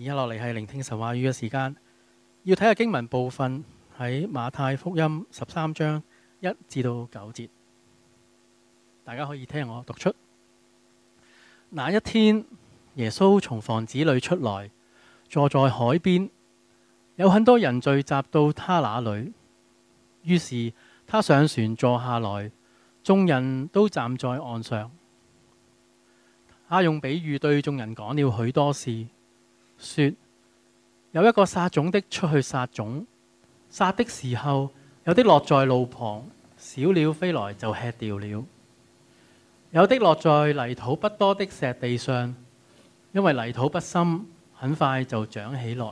而家落嚟係聆聽神話語嘅時間，要睇下經文部分喺馬太福音十三章一至到九節，大家可以聽我讀出。那一天，耶穌從房子裏出來，坐在海邊，有很多人聚集到他那裏。於是他上船坐下來，眾人都站在岸上。他用比喻對眾人講了許多事。說有一個撒種的出去撒種，撒的時候有啲落在路旁，小鳥飛來就吃掉了；有啲落在泥土不多的石地上，因為泥土不深，很快就長起來，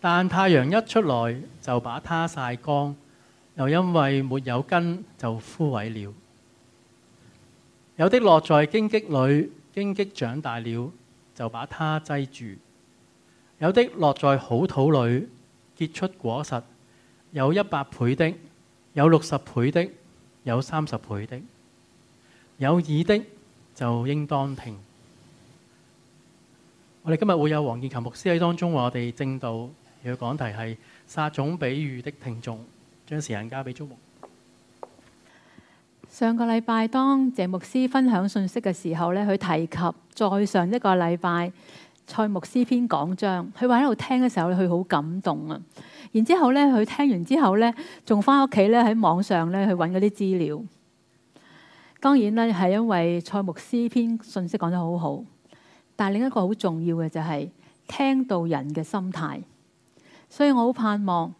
但太陽一出來就把它晒乾，又因為沒有根就枯萎了。有啲落在荊棘裏，荊棘長大了就把它擠住。有的落在好土裏，結出果實；有一百倍的，有六十倍的，有三十倍的。有意的就應當聽。我哋今日會有黃健逑牧師喺當中，我哋證道嘅講題係撒種比喻的聽眾，將時間交俾祝牧。上個禮拜當謝牧師分享信息嘅時候咧，佢提及再上一個禮拜。蔡牧師篇講章，佢話喺度聽嘅時候，佢好感動啊！然之後呢，佢聽完之後呢，仲翻屋企呢，喺網上呢，去揾嗰啲資料。當然呢，係因為蔡牧師篇信息講得好好，但另一個好重要嘅就係、是、聽到人嘅心態。所以我好盼望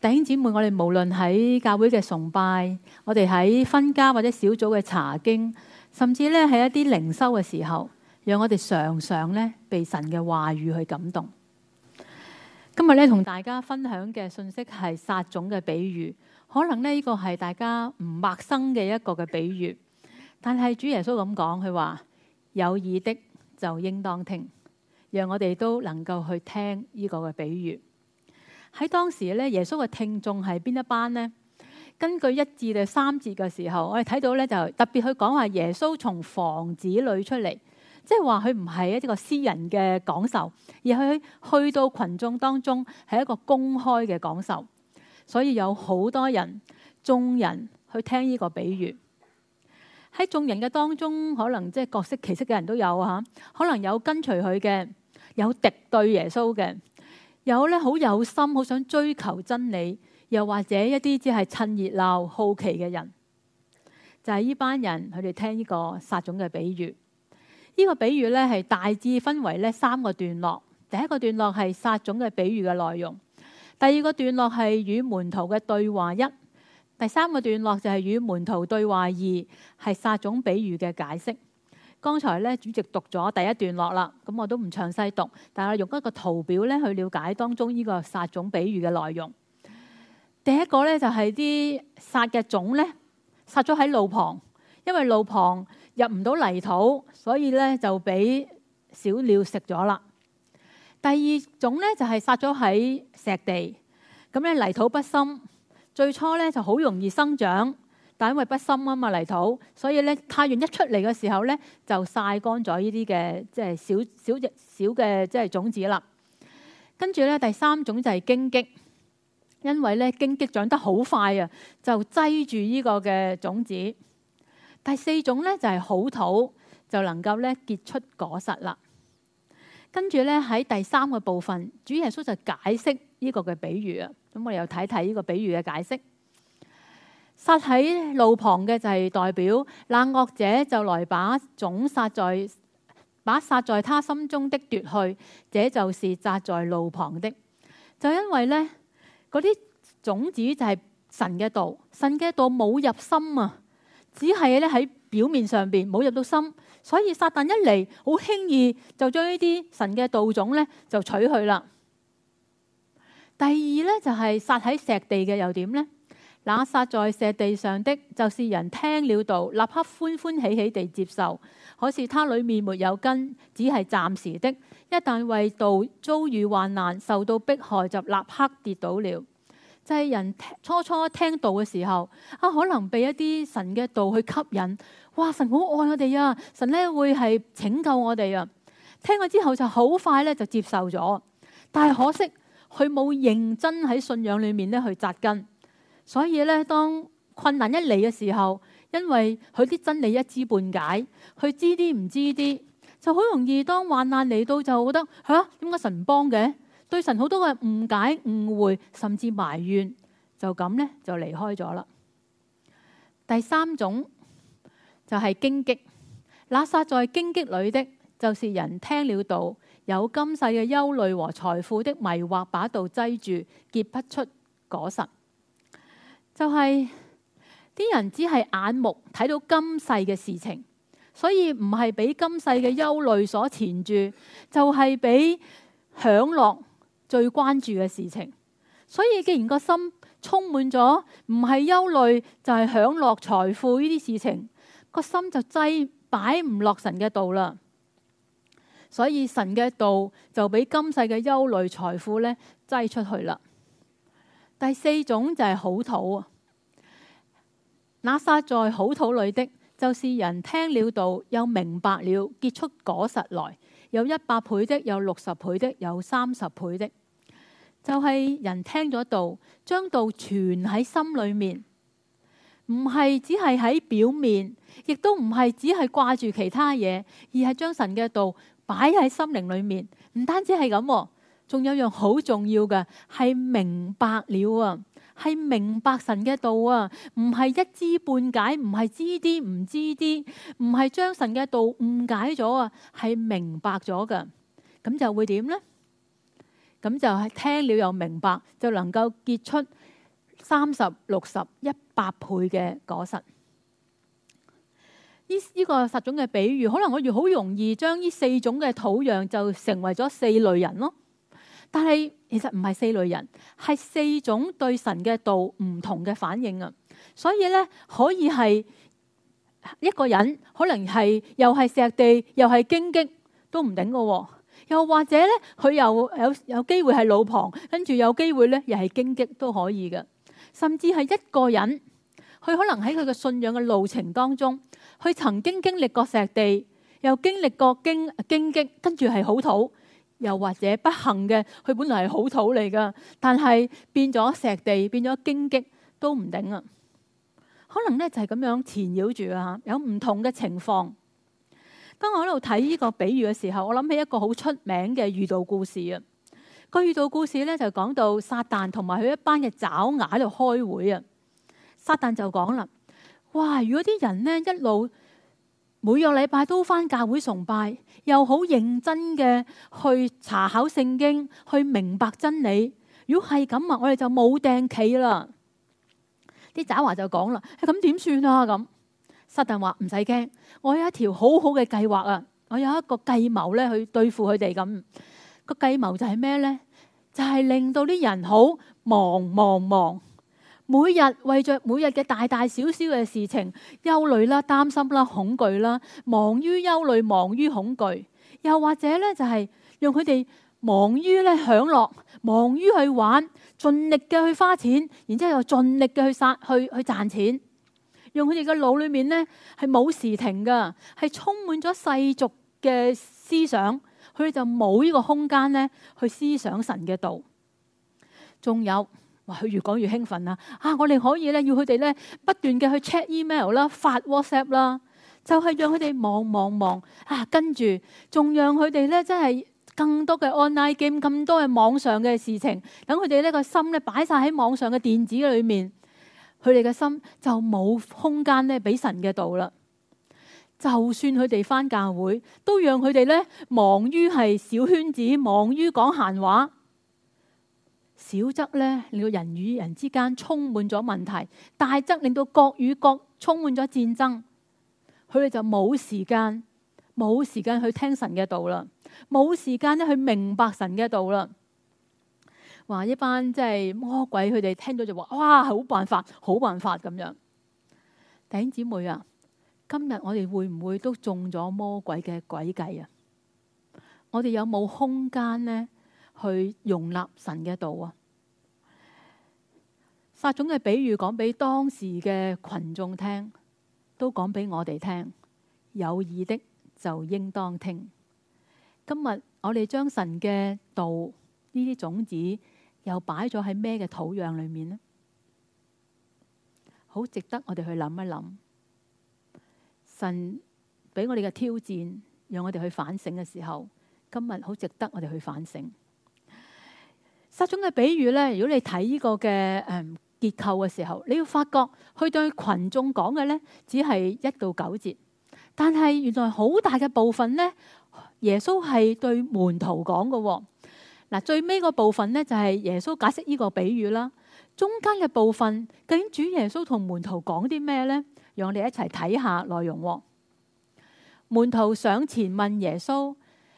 弟兄姊妹，我哋無論喺教會嘅崇拜，我哋喺分家或者小組嘅查經，甚至呢，喺一啲靈修嘅時候。讓我哋常常咧被神嘅話語去感動。今日咧同大家分享嘅信息係撒種嘅比喻，可能咧呢個係大家唔陌生嘅一個嘅比喻。但係主耶穌咁講，佢話有耳的就應當聽，讓我哋都能夠去聽呢個嘅比喻。喺當時咧，耶穌嘅聽眾係邊一班呢？根據一至到三節嘅時候，我哋睇到咧就特別去講話耶穌從房子裏出嚟。即係話佢唔係一個私人嘅講授，而係去到群眾當中係一個公開嘅講授，所以有好多人眾人去聽呢個比喻。喺眾人嘅當中，可能即係各式其式嘅人都有吓、啊，可能有跟隨佢嘅，有敵對耶穌嘅，有咧好有心好想追求真理，又或者一啲只係趁熱鬧好奇嘅人，就係、是、呢班人佢哋聽呢個撒種嘅比喻。呢個比喻咧係大致分為咧三個段落。第一個段落係撒種嘅比喻嘅內容。第二個段落係與門徒嘅對話一。第三個段落就係與門徒對話二，係撒種比喻嘅解釋。剛才咧主席讀咗第一段落啦，咁我都唔詳細讀，但我用一個圖表咧去了解當中呢個撒種比喻嘅內容。第一個咧就係啲撒嘅種咧，撒咗喺路旁，因為路旁，入唔到泥土，所以咧就俾小鳥食咗啦。第二種咧就係撒咗喺石地，咁咧泥土不深，最初咧就好容易生長，但因為不深啊嘛泥土，所以咧太陽一出嚟嘅時候咧就曬乾咗呢啲嘅即係小小隻小嘅即係種子啦。跟住咧第三種就係荊棘，因為咧荊棘長得好快啊，就擠住呢個嘅種子。第四種咧就係好土，就能夠咧結出果實啦。跟住咧喺第三個部分，主耶穌就解釋呢個嘅比喻啊。咁我哋又睇睇呢個比喻嘅解釋。撒喺路旁嘅就係代表冷惡者，就來把種撒在，把撒在他心中的奪去，這就是撒在路旁的。就因為咧嗰啲種子就係神嘅道，神嘅道冇入心啊。只係咧喺表面上邊冇入到心，所以撒但一嚟，好輕易就將呢啲神嘅道種咧就取去啦。第二咧就係撒喺石地嘅又點呢？那撒在石地上的就是人聽了道，立刻歡歡喜喜地接受，可是他裏面沒有根，只係暫時的。一旦為道遭遇患難，受到迫害就立刻跌倒了。就係人初初聽道嘅時候，啊，可能被一啲神嘅道去吸引，哇！神好愛我哋啊，神咧會係拯救我哋啊。聽咗之後就好快咧就接受咗，但係可惜佢冇認真喺信仰裡面咧去扎根，所以咧當困難一嚟嘅時候，因為佢啲真理一知半解，佢知啲唔知啲，就好容易當患難嚟到就覺得嚇，點解神唔幫嘅？對神好多嘅誤解、誤會，甚至埋怨，就咁呢，就離開咗啦。第三種就係荊棘，那撒在荊棘裏的就是人聽了道，有今世嘅憂慮和財富的迷惑，把道擠住，結不出果實。就係、是、啲人只係眼目睇到今世嘅事情，所以唔係俾今世嘅憂慮所纏住，就係俾享樂。最關注嘅事情，所以既然個心充滿咗唔係憂慮就係享樂財富呢啲事情，個心就擠擺唔落神嘅道啦。所以神嘅道就俾今世嘅憂慮財富呢擠出去啦。第四種就係好土啊！那撒在好土裏的，就是人聽了道又明白了，結出果實來。有一百倍的，有六十倍的，有三十倍的，就係、是、人聽咗道，將道存喺心裏面，唔係只係喺表面，亦都唔係只係掛住其他嘢，而係將神嘅道擺喺心靈裏面。唔單止係咁，仲有樣好重要嘅係明白了啊！係明白神嘅道啊，唔係一知半解，唔係知啲唔知啲，唔係將神嘅道誤解咗啊，係明白咗噶，咁就會點呢？咁就係聽了又明白，就能夠結出三十、六十、一百倍嘅果實。呢、這、依個撒種嘅比喻，可能我哋好容易將呢四種嘅土壤就成為咗四類人咯。但係其實唔係四類人，係四種對神嘅道唔同嘅反應啊。所以咧，可以係一個人，可能係又係石地，又係荊棘都唔頂嘅。又或者咧，佢又有有機會係路旁，跟住有機會咧，又係荊棘都可以嘅。甚至係一個人，佢可能喺佢嘅信仰嘅路程當中，佢曾經經歷過石地，又經歷過荊荊棘，跟住係好土。又或者不幸嘅，佢本嚟係好土嚟噶，但係變咗石地，變咗荊棘都唔頂啊！可能咧就係咁樣纏繞住啊，有唔同嘅情況。當我喺度睇呢個比喻嘅時候，我諗起一個好出名嘅遇到故事啊！個遇到故事咧就講到撒旦同埋佢一班嘅爪牙喺度開會啊！撒旦就講啦，哇！如果啲人呢一路……每個禮拜都翻教會崇拜，又好認真嘅去查考聖經，去明白真理。如果係咁啊，我哋就冇掟企啦。啲渣華就講啦，咁點算啊？咁，撒旦話唔使驚，我有一條好好嘅計劃啊！我有一個計謀咧，去對付佢哋咁。個計謀就係咩呢？就係令到啲人好忙忙忙。每日為着每日嘅大大小小嘅事情憂慮啦、擔心啦、恐懼啦，忙於憂慮，忙於恐懼，又或者咧就係讓佢哋忙於咧享樂，忙於去玩，盡力嘅去花錢，然之後又盡力嘅去賺去去賺錢，用佢哋嘅腦裏面咧係冇時停噶，係充滿咗世俗嘅思想，佢哋就冇呢個空間咧去思想神嘅道。仲有。哇，佢越講越興奮啦！啊，我哋可以咧，要佢哋咧不斷嘅去 check email 啦，發 WhatsApp 啦，就係、是、讓佢哋忙忙忙啊！跟住，仲讓佢哋咧，真係更多嘅 online game，更多嘅網上嘅事情，等佢哋呢個心咧擺晒喺網上嘅電子裏面，佢哋嘅心就冇空間咧俾神嘅道啦。就算佢哋翻教會，都讓佢哋咧忙於係小圈子，忙於講閒話。小則咧，令到人與人之間充滿咗問題；大則令到國與國充滿咗戰爭。佢哋就冇時間，冇時間去聽神嘅道啦，冇時間咧去明白神嘅道啦。話一班即係魔鬼，佢哋聽到就話：哇，好辦法，好辦法咁樣。弟兄姊妹啊，今日我哋會唔會都中咗魔鬼嘅詭計啊？我哋有冇空間呢？去容納神嘅道啊！撒種嘅比喻講俾當時嘅群眾聽，都講俾我哋聽。有意的就應當聽。今日我哋將神嘅道呢啲種子又擺咗喺咩嘅土壤裏面呢？好值得我哋去諗一諗。神俾我哋嘅挑戰，讓我哋去反省嘅時候，今日好值得我哋去反省。撒種嘅比喻咧，如果你睇呢個嘅誒結構嘅時候，你要發覺佢對群眾講嘅咧，只係一到九節，但係原來好大嘅部分咧，耶穌係對門徒講嘅嗱。最尾個部分咧就係耶穌解釋呢個比喻啦。中間嘅部分究竟主耶穌同門徒講啲咩咧？讓我哋一齊睇下內容。門徒上前問耶穌：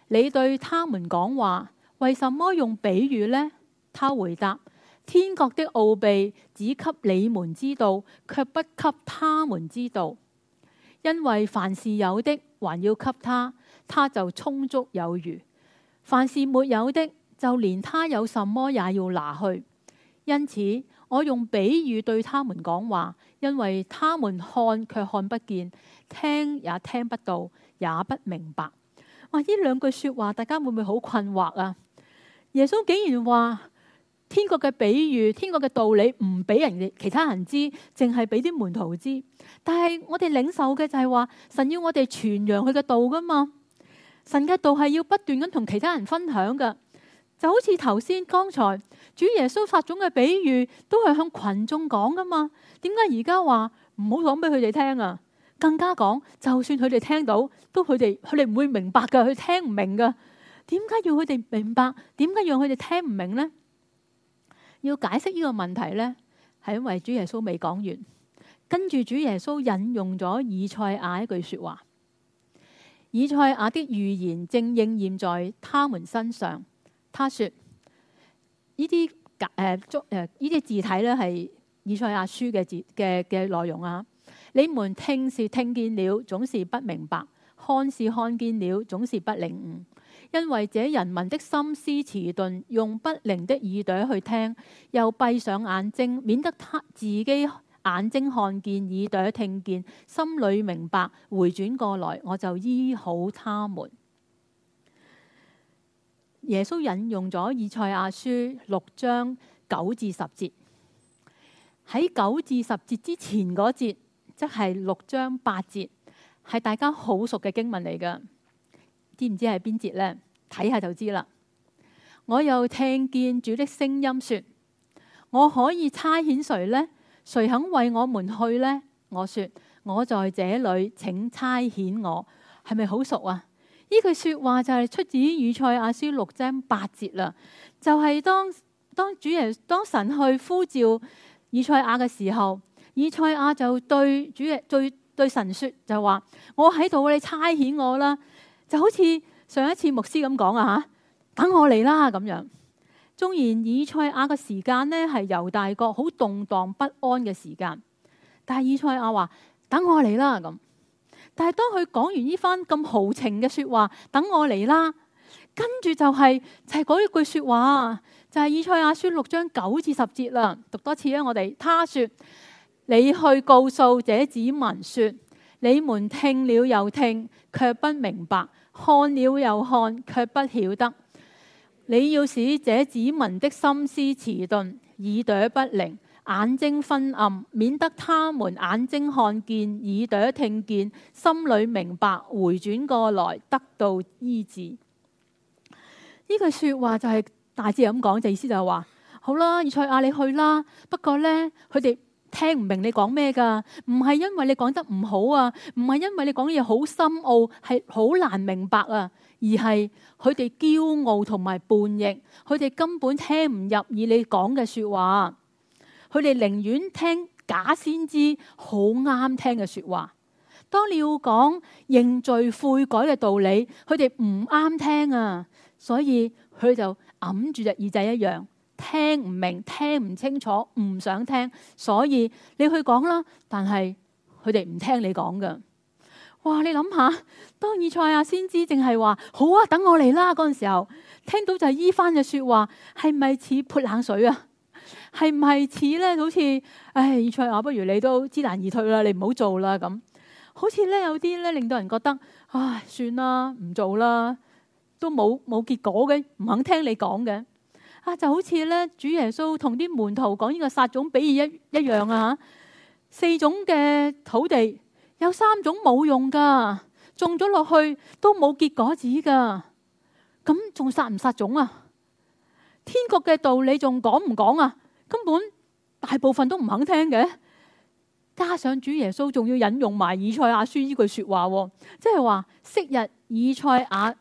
你對他們講話，為什麼用比喻咧？他回答：天國的奧秘只給你們知道，卻不給他們知道。因為凡事有的，還要給他，他就充足有餘；凡事沒有的，就連他有什麼也要拿去。因此，我用比喻對他們講話，因為他們看卻看不見，聽也聽不到，也不明白。哇！呢兩句說話，大家會唔會好困惑啊？耶穌竟然話：天國嘅比喻，天國嘅道理唔俾人哋、其他人知，淨係俾啲門徒知。但係我哋領受嘅就係話，神要我哋傳揚佢嘅道噶嘛。神嘅道係要不斷咁同其他人分享噶，就好似頭先剛才，剛才主耶穌撒種嘅比喻，都係向群眾講噶嘛。點解而家話唔好講俾佢哋聽啊？更加講，就算佢哋聽到，都佢哋佢哋唔會明白噶，佢聽唔明噶。點解要佢哋明白？點解讓佢哋聽唔明呢？要解釋呢個問題呢，係因為主耶穌未講完，跟住主耶穌引用咗以賽亞一句説話。以賽亞的預言正應驗在他們身上。他說：呢啲誒中呢啲字體呢，係以賽亞書嘅字嘅嘅內容啊！你們聽是聽見了，總是不明白；看是看見了，總是不領悟。因為這人民的心思遲鈍，用不靈的耳朵去聽，又閉上眼睛，免得他自己眼睛看見，耳朵聽見，心裏明白，回轉過來，我就醫好他們。耶穌引用咗以賽亞書六章九至十節。喺九至十節之前嗰節，即係六章八節，係大家好熟嘅經文嚟㗎。知唔知係邊節呢？睇下就知啦。我又聽見主的聲音說：我可以差遣誰呢？誰肯為我們去呢？我說：我在這裏，請差遣我。係咪好熟啊？呢句說話就係出自於以賽亞書六章八節啦。就係、是、當當主耶當神去呼召以賽亞嘅時候，以賽亞就對主耶對對，對神說：就話我喺度，你差遣我啦。就好似上一次牧師咁講啊吓，等我嚟啦咁樣。縱然以賽亞嘅時間呢，係猶大國好動盪不安嘅時間，但係以賽亞話等我嚟啦咁。但係當佢講完呢番咁豪情嘅說話，等我嚟啦，跟住就係、是、就係嗰一句說話就係、是、以賽亞書六章九至十節啦。讀多次咧，我哋他說：你去告訴這子民說，你們聽了又聽，卻不明白。看了又看，卻不曉得。你要使這子民的心思遲鈍，耳朵不靈，眼睛昏暗，免得他們眼睛看見，耳朵聽見，心裡明白，回轉過來得到醫治。呢句説話就係大致咁講，就意思就係話好啦，以賽亞嗌你去啦。不過呢，佢哋聽唔明你講咩噶？唔係因為你講得唔好啊，唔係因為你講嘢好深奧，係好難明白啊，而係佢哋驕傲同埋叛逆，佢哋根本聽唔入耳你講嘅說的話。佢哋寧願聽假先知好啱聽嘅說話。當你要講認罪悔改嘅道理，佢哋唔啱聽啊，所以佢就揞住隻耳仔一樣。聽唔明，聽唔清楚，唔想聽，所以你去講啦。但係佢哋唔聽你講噶。哇，你諗下，當以賽亞先知淨係話好啊，等我嚟啦嗰陣、那個、時候，聽到就係依翻嘅說話，係咪似潑冷水啊？係唔係似咧？好似唉，以賽亞不如你都知難而退啦，你唔好做啦咁。好似咧有啲咧令到人覺得唉，算啦，唔做啦，都冇冇結果嘅，唔肯聽你講嘅。就好似咧，主耶穌同啲門徒講呢個撒種比喻一一樣啊，四種嘅土地，有三種冇用噶，種咗落去都冇結果子噶，咁仲撒唔撒種啊？天國嘅道理仲講唔講啊？根本大部分都唔肯聽嘅，加上主耶穌仲要引用埋以賽亞書呢句說話喎，即係話昔日以賽亞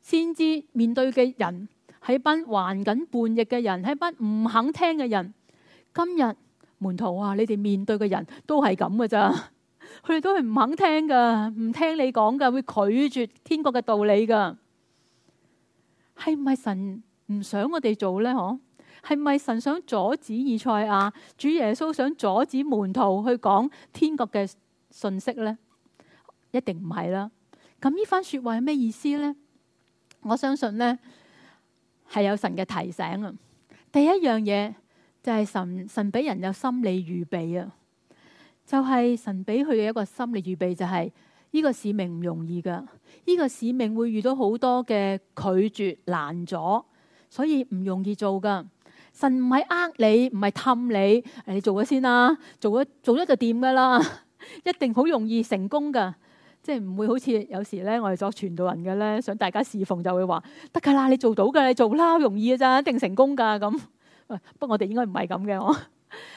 先知面對嘅人。喺班還緊叛逆嘅人，喺班唔肯聽嘅人。今日門徒啊，你哋面對嘅人都係咁嘅咋？佢哋都係唔肯聽㗎，唔聽你講㗎，會拒絕天國嘅道理㗎。係咪神唔想我哋做咧？嗬，係咪神想阻止以賽亞、主耶穌想阻止門徒去講天國嘅信息咧？一定唔係啦。咁呢番説話係咩意思咧？我相信咧。係有神嘅提醒啊！第一樣嘢就係、是、神神俾人有心理預備啊！就係、是、神俾佢嘅一個心理預備、就是，就係呢個使命唔容易噶，呢、這個使命會遇到好多嘅拒絕難阻，所以唔容易做噶。神唔係呃你，唔係氹你，你先做咗先啦，做咗做咗就掂噶啦，一定好容易成功噶。即係唔會好似有時咧，我哋作傳道人嘅咧，想大家侍奉就會話，得噶啦，你做到噶，你做啦，容易噶咋，一定成功噶，咁，不過我們不，我哋應該唔係咁嘅。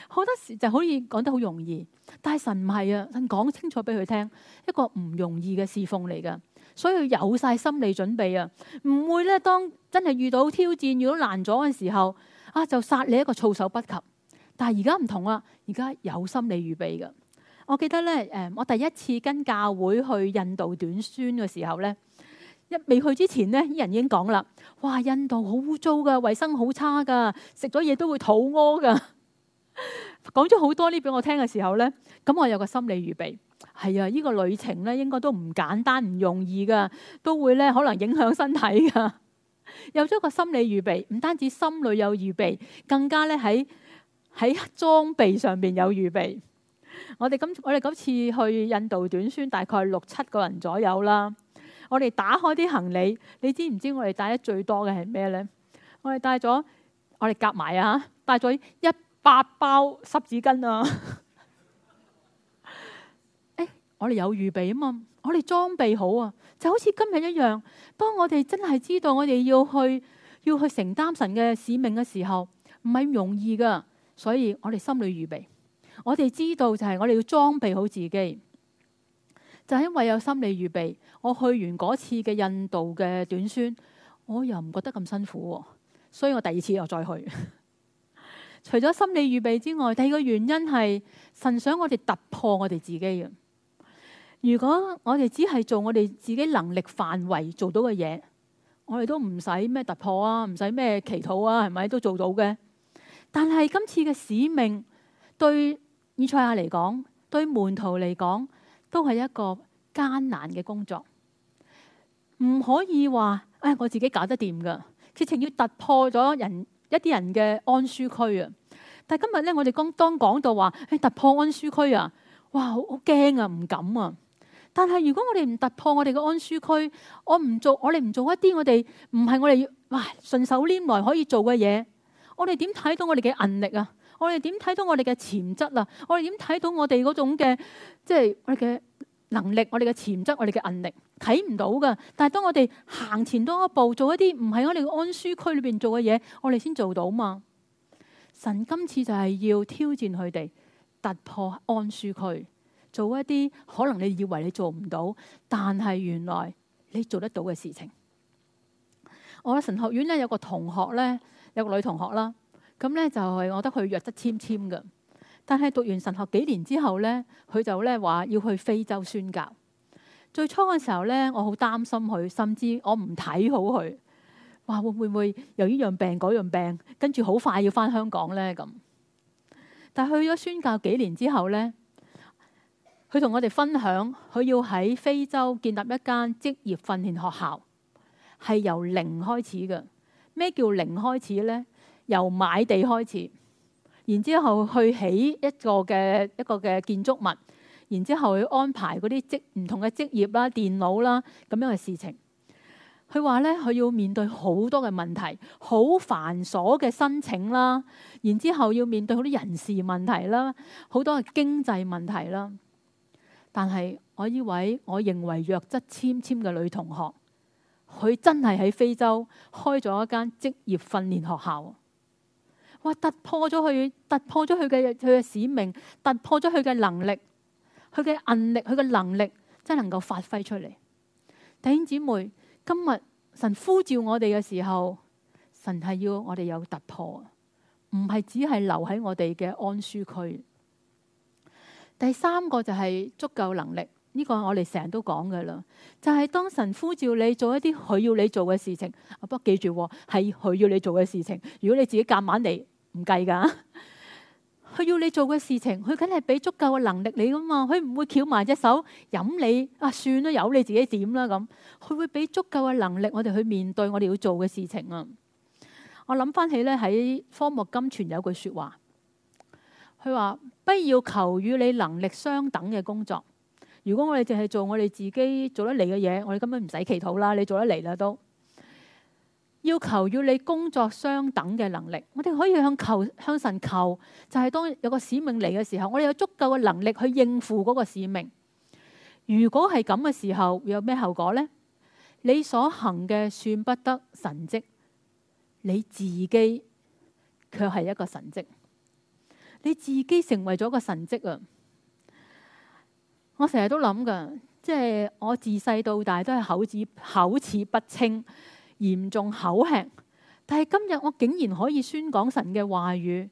好多時就可以講得好容易，但係神唔係啊，神講清楚俾佢聽，一個唔容易嘅侍奉嚟噶，所以有晒心理準備啊，唔會咧當真係遇到挑戰，遇到難咗嘅時候，啊就殺你一個措手不及。但係而家唔同啊，而家有心理預備噶。我記得咧，誒，我第一次跟教會去印度短宣嘅時候咧，一未去之前呢，啲人已經講啦，哇，印度好污糟噶，衛生好差噶，食咗嘢都會肚屙噶。 講咗好多這呢，俾我聽嘅時候咧，咁我有個心理預備，係啊，呢、這個旅程咧應該都唔簡單，唔容易噶，都會咧可能影響身體噶。 有咗個心理預備，唔單止心裏有預備，更加咧喺喺裝備上邊有預備。我哋今我哋次去印度短宣，大概六七個人左右啦。我哋打開啲行李，你知唔知我哋帶得最多嘅係咩呢？我哋帶咗，我哋夾埋啊，帶咗一百包濕紙巾啊、 欸！我哋有預備啊嘛，我哋裝備好啊，就好似今日一樣。當我哋真係知道我哋要去，要去承擔神嘅使命嘅時候，唔係咁容易噶，所以我哋心裡預備。我哋知道就係我哋要裝備好自己，就係因為有心理預備。我去完嗰次嘅印度嘅短宣，我又唔覺得咁辛苦，所以我第二次又再去。除咗心理預備之外，第二個原因係神想我哋突破我哋自己嘅。如果我哋只係做我哋自己能力範圍做到嘅嘢，我哋都唔使咩突破啊，唔使咩祈禱啊是不是，係咪都做到嘅？但係今次嘅使命對。以賽亞嚟講，對門徒嚟講都係一個艱難嘅工作，唔可以話誒、哎、我自己搞得掂㗎。佢仲要突破咗人一啲人嘅安舒區啊！但係今日咧，我哋剛剛講到話誒、哎、突破安舒區啊，哇！好驚啊，唔敢啊！但係如果我哋唔突破我哋嘅安舒區，我唔做，我哋唔做一啲我哋唔係我哋哇順手拈來可以做嘅嘢，我哋點睇到我哋嘅韌力啊？我哋點睇到我哋嘅潛質啊！我哋點睇到我哋嗰種嘅即係我哋嘅能力、我哋嘅潛質、我哋嘅韌力睇唔到㗎。但係當我哋行前多一步，做一啲唔係我哋嘅安舒區裏邊做嘅嘢，我哋先做到嘛。神今次就係要挑戰佢哋突破安舒區，做一啲可能你以為你做唔到，但係原來你做得到嘅事情。我喺神學院咧，有個同學咧，有個女同學啦。咁咧就係我覺得佢弱質纖纖㗎，但係讀完神學幾年之後呢，佢就咧話要去非洲宣教。最初嘅時候咧，我好擔心佢，甚至我唔睇好佢。話，會唔會由呢樣病嗰樣病，跟住好快要返香港呢？咁？但係去咗宣教幾年之後呢，佢同我哋分享，佢要喺非洲建立一間職業訓練學校，係由零開始嘅。咩叫零開始呢？由買地開始，然之後去起一個嘅一個嘅建築物，然之後去安排嗰啲職唔同嘅職業啦、電腦啦咁樣嘅事情。佢話咧，佢要面對好多嘅問題，好繁瑣嘅申請啦，然之後要面對好多人事問題啦，好多嘅經濟問題啦。但係我呢位，我認為弱質纖纖嘅女同學，佢真係喺非洲開咗一間職業訓練學校。哇！突破咗佢，突破咗佢嘅佢嘅使命，突破咗佢嘅能力，佢嘅韌力，佢嘅能力真係能夠發揮出嚟。弟兄姊妹，今日神呼召我哋嘅時候，神係要我哋有突破，唔係只係留喺我哋嘅安舒區。第三個就係足夠能力，呢個我哋成日都講嘅啦。就係當神呼召你做一啲佢要你做嘅事情，不過記住係佢要你做嘅事情。如果你自己夾硬嚟，唔計噶，佢要你做嘅事情，佢梗係俾足夠嘅能力你噶嘛，佢唔會翹埋隻手飲你啊！算啦，由你自己點啦咁，佢會俾足夠嘅能力我哋去面對我哋要做嘅事情啊！我諗翻起呢喺《荒漠甘泉》有句說話，佢話不要求與你能力相等嘅工作。如果我哋淨係做我哋自己做得嚟嘅嘢，我哋根本唔使祈禱啦，你做得嚟啦都。要求要你工作相等嘅能力，我哋可以向求向神求，就係當有個使命嚟嘅時候，我哋有足夠嘅能力去應付嗰個使命。如果係咁嘅時候，會有咩後果呢？你所行嘅算不得神蹟，你自己卻係一個神蹟，你自己成為咗個神蹟啊！我成日都諗噶，即係我自細到大都係口齒口齒不清。嚴重口吃，但係今日我竟然可以宣講神嘅話語。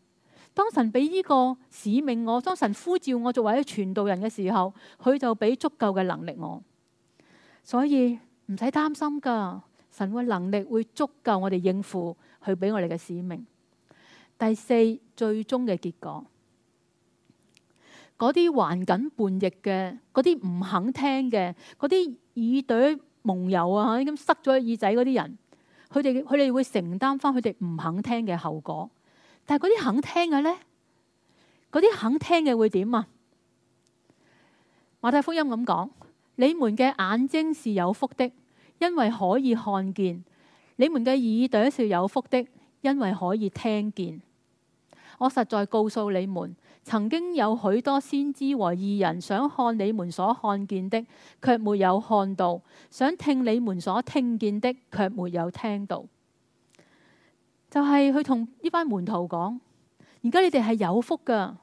當神俾呢個使命我，當神呼召我作為傳道人嘅時候，佢就俾足夠嘅能力我。所以唔使擔心噶，神嘅能力會足夠我哋應付去俾我哋嘅使命。第四，最終嘅結果，嗰啲還緊叛逆嘅，嗰啲唔肯聽嘅，嗰啲耳朵。夢遊啊，咁塞咗耳仔嗰啲人，佢哋佢哋會承擔返佢哋唔肯聽嘅後果。但係嗰啲肯聽嘅呢？嗰啲肯聽嘅會點啊？馬太福音咁講，你們嘅眼睛是有福的，因為可以看見；你們嘅耳朵是有福的，因為可以聽見。我實在告訴你們。曾經有許多先知和義人想看你們所看見的，卻沒有看到；想聽你們所聽見的，卻沒有聽到。就係去同呢班門徒講：而家你哋係有福噶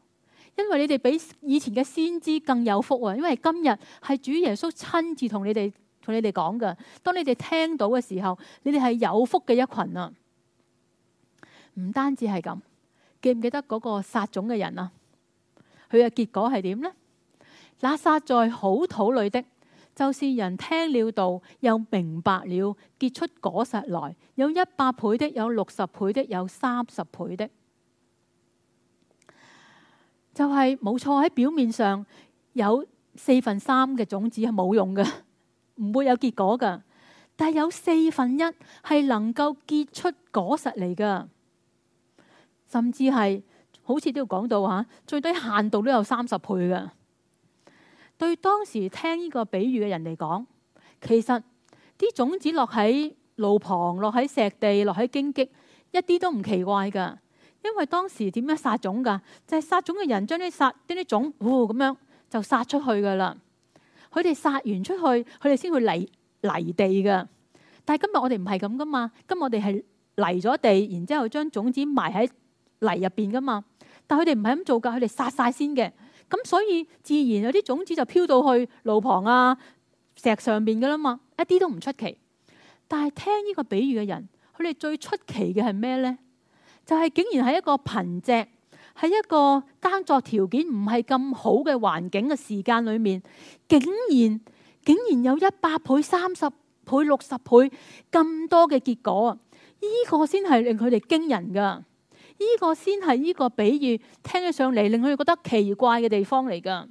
因為你哋比以前嘅先知更有福啊！因為今日係主耶穌親自同你哋同你哋講噶。當你哋聽到嘅時候，你哋係有福嘅一群啊！唔單止係咁，記唔記得嗰個撒種嘅人啊？佢嘅結果係點呢？撒在好土裏的，就是人聽了道又明白了，結出果實來，有一百倍的，有六十倍的，有三十倍的。就係冇錯，喺表面上，有四分三嘅種子係冇用㗎，唔會有結果㗎。但係有四分一係能夠結出果實嚟㗎，甚至係。好似都要講到嚇，最低限度都有三十倍㗎。對當時聽呢個比喻嘅人嚟講，其實啲種子落喺路旁、落喺石地、落喺荊棘，一啲都唔奇怪㗎。因為當時點樣撒種㗎？就係撒種嘅人將啲撒，將啲種，呼咁樣就撒出去㗎啦。佢哋撒完出去，佢哋先會嚟泥地㗎。但係今日我哋唔係咁㗎嘛，今日我哋係泥咗地，然之後將種子埋喺泥入邊㗎嘛。但佢哋唔係咁做噶，佢哋殺晒先嘅，咁所以自然有啲種子就飄到去路旁啊、石上面㗎啦嘛，一啲都唔出奇。但係聽呢個比喻嘅人，佢哋最出奇嘅係咩呢？就係竟然係一個貧瘠、係一個耕作條件唔係咁好嘅環境嘅時間裏面，竟然竟然有一百倍、三十倍、六十倍咁多嘅結果啊！呢個先係令佢哋驚人噶。呢、這個先係呢個比喻聽起上嚟令佢哋覺得奇怪嘅地方嚟噶。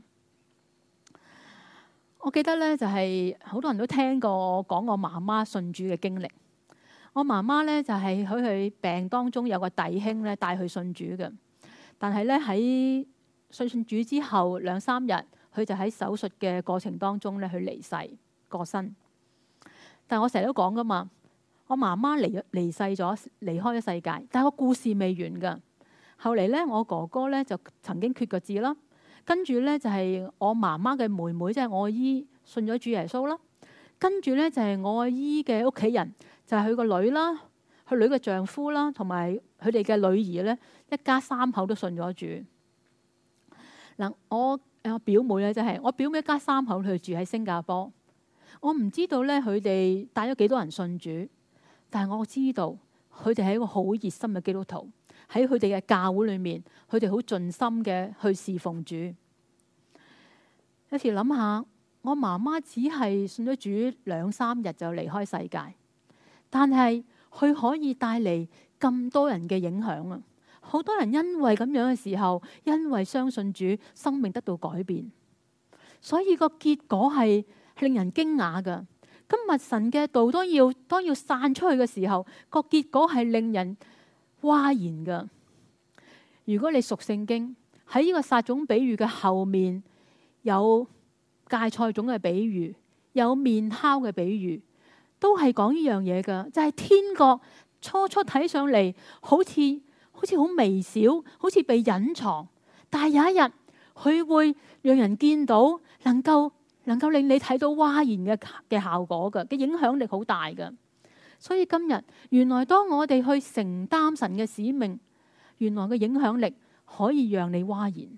我記得呢，就係、是、好多人都聽過我講我媽媽信主嘅經歷。我媽媽呢，就係喺佢病當中有個弟兄呢帶佢信主嘅，但係呢，喺信信主之後兩三日，佢就喺手術嘅過程當中呢去離世過身。但我成日都講噶嘛。我媽媽離世咗，離開咗世界，但係個故事未完㗎。後嚟呢，我哥哥呢就曾經決咗志啦，跟住呢，就係我媽媽嘅妹妹，即係我姨信咗主耶穌啦。跟住呢，就係我姨嘅屋企人，就係佢個女啦，佢女嘅丈夫啦，同埋佢哋嘅女兒呢，一家三口都信咗主嗱。我誒表妹呢，即係我表妹一家三口，佢住喺新加坡。我唔知道呢，佢哋帶咗幾多人信主。但係我知道佢哋係一個好熱心嘅基督徒，喺佢哋嘅教會裏面，佢哋好盡心嘅去侍奉主。有時諗下，我媽媽只係信咗主兩三日就離開世界，但係佢可以帶嚟咁多人嘅影響啊！好多人因為咁樣嘅時候，因為相信主，生命得到改變，所以個結果係令人驚訝㗎。今日神嘅道當要，當要散出去嘅時候，個結果係令人嘩然噶如果你熟聖經，喺呢個撒種比喻嘅後面有芥菜種嘅比喻，有麵酵嘅比喻，都係講呢樣嘢噶，就係、是、天國初初睇上嚟好似好似好微小，好似被隱藏，但係有一日佢會讓人見到能夠。能夠令你睇到嘩然嘅嘅效果嘅，嘅影響力好大㗎。所以今日原來當我哋去承擔神嘅使命，原來嘅影響力可以讓你嘩然。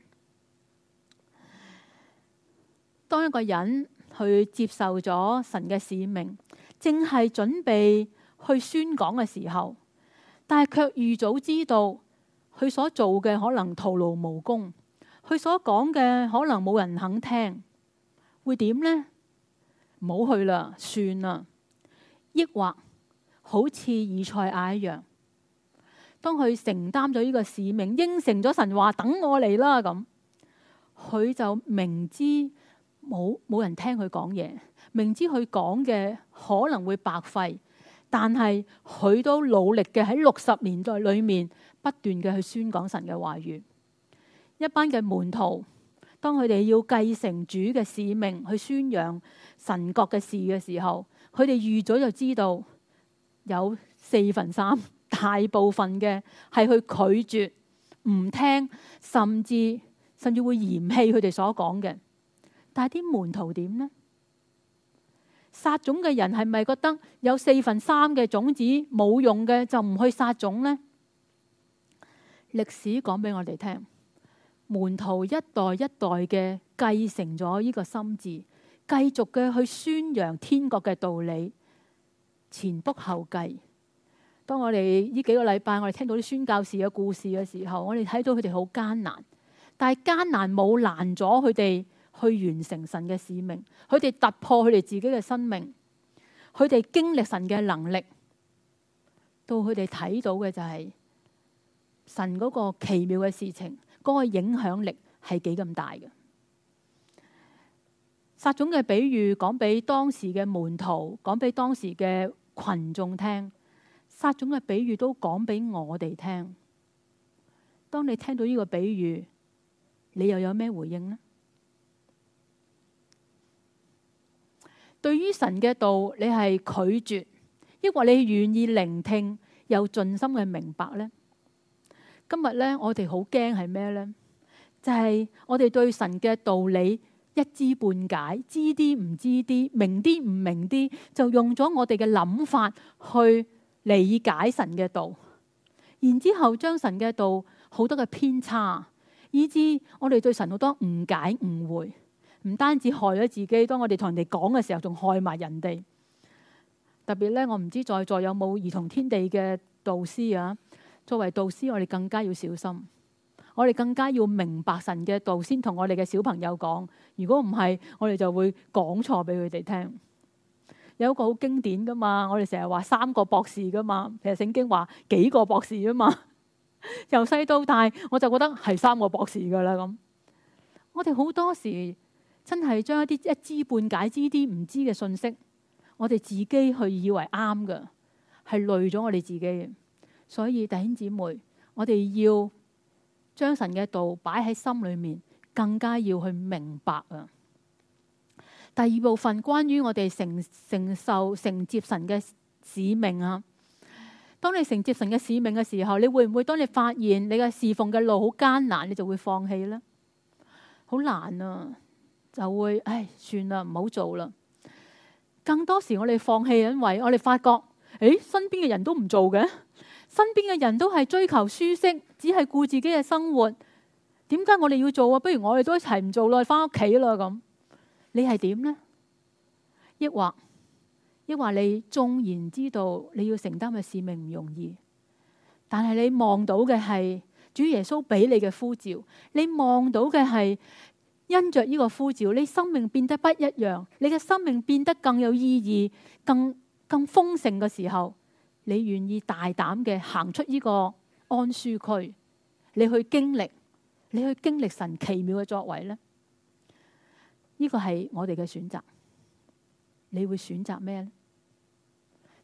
當一個人去接受咗神嘅使命，正係準備去宣講嘅時候，但係卻預早知道佢所做嘅可能徒勞無功，佢所講嘅可能冇人肯聽。會點呢？唔好去啦，算啦。抑或好似以賽亞一樣，當佢承擔咗呢個使命，應承咗神話，等我嚟啦咁，佢就明知冇冇人聽佢講嘢，明知佢講嘅可能會白費，但係佢都努力嘅喺六十年代裏面不斷嘅去宣講神嘅話語，一班嘅門徒。當佢哋要繼承主嘅使命去宣揚神國嘅事嘅時候，佢哋預咗就知道有四分三大部分嘅係去拒絕、唔聽，甚至甚至會嫌棄佢哋所講嘅。但係啲門徒點呢？撒種嘅人係咪覺得有四分三嘅種子冇用嘅就唔去撒種呢？歷史講俾我哋聽。門徒一代一代嘅繼承咗呢個心志，繼續嘅去宣揚天國嘅道理，前仆後繼。當我哋呢幾個禮拜，我哋聽到啲宣教士嘅故事嘅時候，我哋睇到佢哋好艱難，但係艱難冇難咗佢哋去完成神嘅使命，佢哋突破佢哋自己嘅生命，佢哋經歷神嘅能力，到佢哋睇到嘅就係神嗰個奇妙嘅事情。嗰、那個影響力係幾咁大嘅？撒種嘅比喻講俾當時嘅門徒，講俾當時嘅群眾聽，撒種嘅比喻都講俾我哋聽。當你聽到呢個比喻，你又有咩回應呢？對於神嘅道，你係拒絕，抑或你願意聆聽又盡心嘅明白呢？今日咧，我哋好驚係咩呢？就係、是、我哋對神嘅道理一知半解，知啲唔知啲，明啲唔明啲，就用咗我哋嘅諗法去理解神嘅道，然之後將神嘅道好多嘅偏差，以至我哋對神好多誤解誤會，唔單止害咗自己，當我哋同人哋講嘅時候，仲害埋人哋。特別咧，我唔知在座有冇兒童天地嘅導師啊？作為導師，我哋更加要小心，我哋更加要明白神嘅道，先同我哋嘅小朋友講。如果唔係，我哋就會講錯俾佢哋聽。有一個好經典噶嘛，我哋成日話三個博士噶嘛，其實聖經話幾個博士啊嘛。由細到大，我就覺得係三個博士噶啦咁。我哋好多時真係將一啲一知半解、知啲唔知嘅信息，我哋自己去以為啱嘅，係累咗我哋自己。所以弟兄姊妹，我哋要將神嘅道擺喺心裏面，更加要去明白啊。第二部分關於我哋承承受承接神嘅使命啊。當你承接神嘅使命嘅時候，你會唔會？當你發現你嘅侍奉嘅路好艱難，你就會放棄呢？好難啊，就會唉，算啦，唔好做啦。更多時我哋放棄，因為我哋發覺誒、哎，身邊嘅人都唔做嘅。身邊嘅人都係追求舒適，只係顧自己嘅生活。點解我哋要做啊？不如我哋都一齊唔做啦，返屋企啦咁。你係點呢？抑或抑或你縱然知道你要承擔嘅使命唔容易，但係你望到嘅係主耶穌俾你嘅呼召，你望到嘅係因着呢個呼召，你生命變得不一樣，你嘅生命變得更有意義、更更豐盛嘅時候。你願意大膽嘅行出呢個安舒區，你去經歷，你去經歷神奇妙嘅作為呢？呢個係我哋嘅選擇。你會選擇咩呢？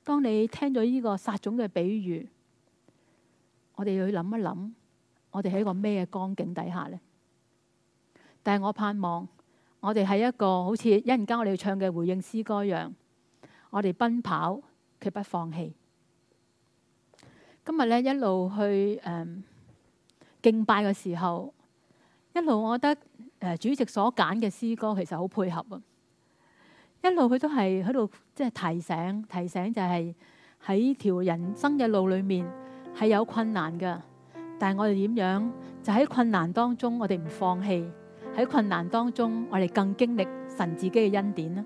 當你聽咗呢個撒種嘅比喻，我哋要去諗一諗，我哋喺個咩光景底下呢？但係我盼望，我哋係一個好似一陣間我哋要唱嘅回應詩歌一樣，我哋奔跑，卻不放棄。今日咧一路去誒、嗯、敬拜嘅時候，一路我覺得誒主席所揀嘅詩歌其實好配合啊！一路佢都係喺度即係提醒，提醒就係喺條人生嘅路裏面係有困難嘅，但係我哋點樣？就喺困難當中，我哋唔放棄，喺困難當中我哋更經歷神自己嘅恩典咧。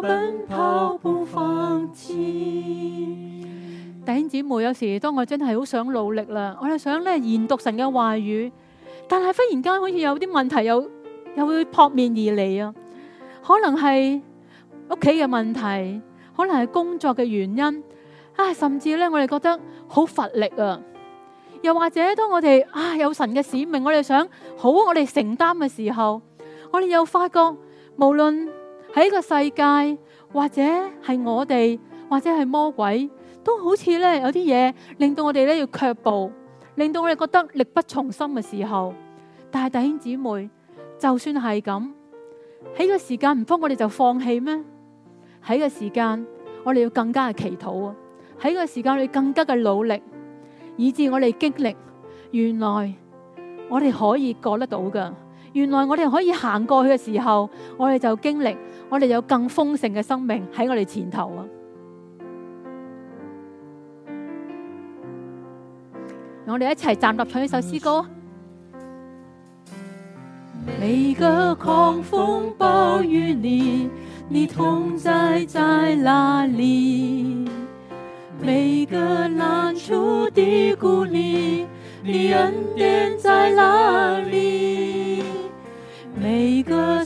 跑步奮戰，弟兄姊妹，有時當我真係好想努力啦，我哋想咧研讀神嘅話語，但係忽然間好似有啲問題，又又會撲面而嚟啊，可能係屋企嘅問題，可能係工作嘅原因啊，甚至咧我哋覺得好乏力啊，又或者當我哋啊有神嘅使命，我哋想好我哋承擔嘅時候，我哋又發覺無論喺呢個世界。或者係我哋，或者係魔鬼，都好似咧有啲嘢，令到我哋咧要卻步，令到我哋覺得力不從心嘅時候。但係弟兄姊妹，就算係咁，喺個時間唔通，我哋就放棄咩？喺個時間，我哋要更加嘅祈禱啊！喺個時間我哋更加嘅努力，以致我哋經歷，原來我哋可以過得到噶。原來我哋可以行過去嘅時候，我哋就經歷。我哋有更豐盛嘅生命喺我哋前頭啊！我哋一齊站立，唱呢首詩歌。每個狂風暴雨裏，你同在在哪裏？每個難處低谷裏，你恩典在哪裏？每個……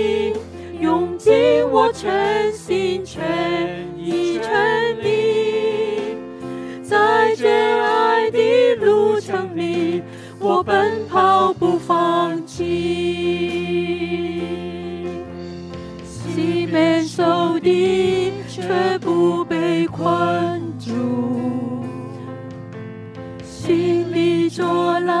擎，我全心全意沉溺，在這愛的路程裏，我奔跑不放棄，四面受敵，卻不被困住，心裏作難。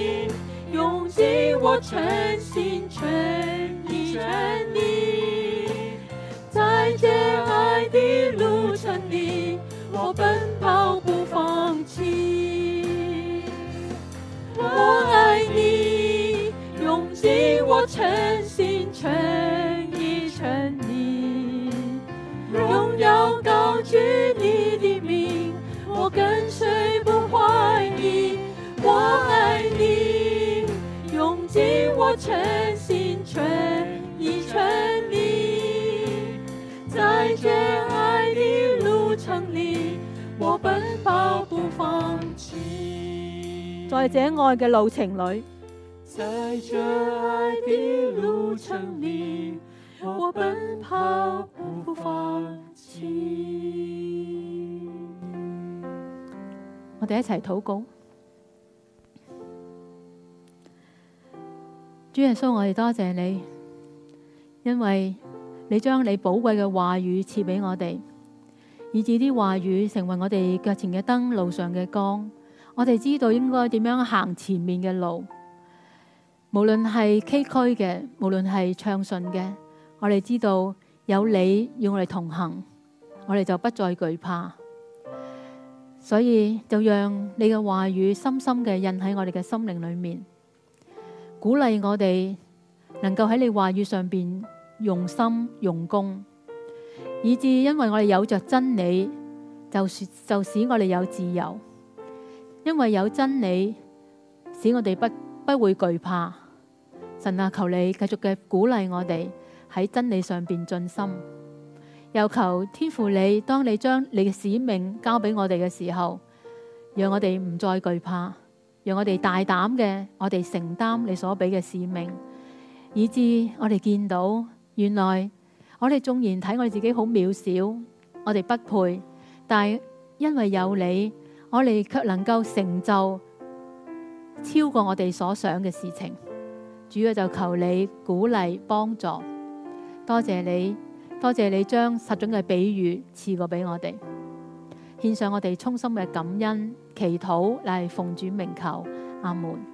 盡我全心全意全力在這愛的路程裏，我在這愛嘅路程裏，在這愛的路程裏，我奔跑不放棄。我哋一齊禱告，主耶穌，我哋多謝、謝你，因為你將你寶貴嘅話語賜俾我哋，以致啲話語成為我哋腳前嘅燈，路上嘅光。我哋知道應該點樣行前面嘅路，無論係崎嶇嘅，無論係暢順嘅，我哋知道有你與我哋同行，我哋就不再懼怕。所以就讓你嘅話語深深嘅印喺我哋嘅心靈裏面，鼓勵我哋能夠喺你的話語上邊用心用功，以至因為我哋有着真理，就就使我哋有自由。因為有真理，使我哋不不會懼怕。神啊，求你繼續嘅鼓勵我哋喺真理上邊盡心，又求天父你，當你將你嘅使命交俾我哋嘅時候，讓我哋唔再懼怕，讓我哋大膽嘅，我哋承擔你所俾嘅使命，以至我哋見到原來我哋縱然睇我自己好渺小，我哋不配，但係因為有你。我哋卻能夠成就超過我哋所想嘅事情，主要就求你鼓勵幫助，多謝你，多謝你將撒種嘅比喻賜過俾我哋，獻上我哋衷心嘅感恩祈禱，乃係奉主名求，阿門。